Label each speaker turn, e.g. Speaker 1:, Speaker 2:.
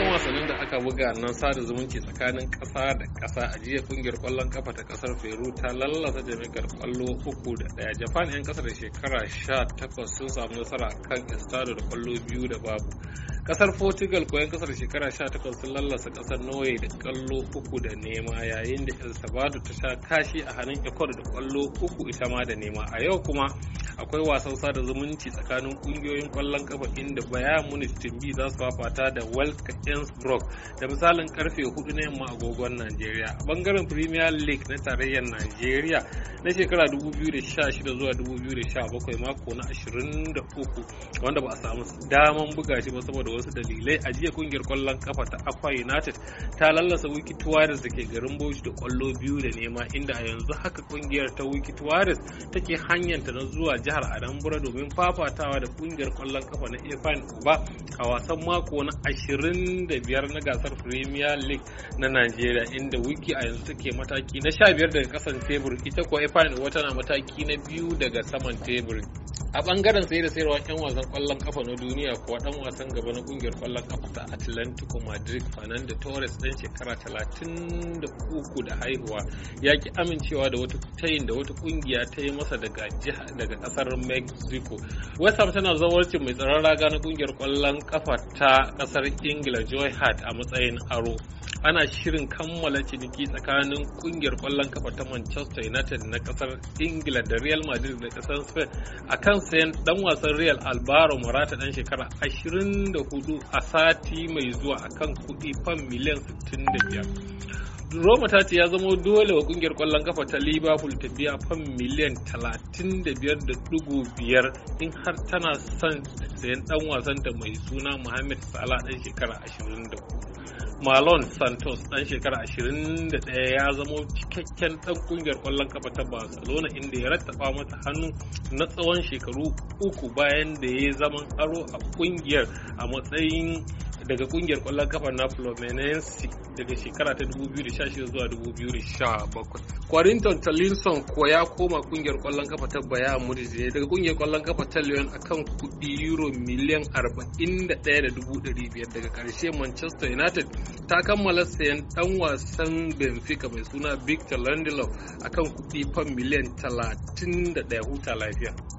Speaker 1: cikin wasannin da aka buga nan sada zumunci tsakanin ƙasa da ƙasa a jiya kungiyar kwallon kafa ta ƙasar peru ta lallasa jami'ar kwallo uku da ɗaya japan 'yan ƙasar da shekara sha takwas sun samu nasara kan estado da ƙwallo biyu da babu kasar portugal koyon kasar shekara 18 sun lallasa kasar norway da kallo uku da nema yayin da el salvador ta sha kashi a hannun ecuador da kwallo uku ita ma da nema a yau kuma akwai wasan sada zumunci tsakanin kungiyoyin kwallon kafa inda bayan munich timbi za su fafata da welka innsbruck da misalin karfe 4 na yamma agogon nigeria bangaren premier league na tarayyar nigeria na shekara 2016 zuwa 2017 mako na 23 wanda ba a samu daman buga shi ba saboda wasu dalilai a jiya kungiyar kwallon kafa ta Akwa United ta lallasa Wiki Tuwaris da ke garin Bauchi da kwallo biyu da nema inda a yanzu haka kungiyar ta Wiki Tuwaris take hanyarta na zuwa jihar Anambra domin fafatawa da kungiyar kwallon kafa na Efan Uba a wasan mako na 25 na gasar Premier League na nigeria inda Wiki a yanzu take mataki na 15 daga kasan tebur ita kuwa Sheffield wata na mataki na biyu daga saman tebur. A bangaren sai da sayarwa 'yan wasan kwallon kafa na duniya kuwa dan wasan gaba na kungiyar kwallon kafa ta Atlantico Madrid Fernando Torres dan shekara 33 da haihuwa ya ki amincewa da wata tayin da wata kungiya ta yi masa daga jiha daga kasar Mexico. West Ham tana zawarcin mai tsaron raga na kungiyar kwallon kafa ta kasar Ingila Joy Hart a matsayin aro. ana shirin kammala ciniki tsakanin kungiyar kwallon kafa ta manchester united na kasar ingila da real madrid da kasar spain a kan sayan dan wasan real albaro morata dan shekara 24 a sati mai zuwa a kan kudi fan miliyan 65 Roma ta ce ya zama dole wa kungiyar kwallon kafa ta Liverpool ta biya fan miliyan 35.5 in har tana son sayan dan wasanta mai suna Mohamed Salah dan shekara 24. malone Santos dan shekara 21 ya zama cikakken dan kungiyar kwallon kafa ta Barcelona inda ya rattaba mata hannu na tsawon shekaru uku bayan da ya zama aro a kungiyar a matsayin daga kungiyar kwallon kafa na Fluminense daga shekara ta 2016 zuwa 2017. Quarinton Talinson ko ya koma kungiyar kwallon kafa ta Bayern Munich ne daga kungiyar kwallon kafa ta Lyon akan kudi euro miliyan 41.500 daga karshe Manchester United ta kammala sayan dan wasan Benfica mai suna Victor Lindelof akan kudi fam miliyan 31 huta lafiya.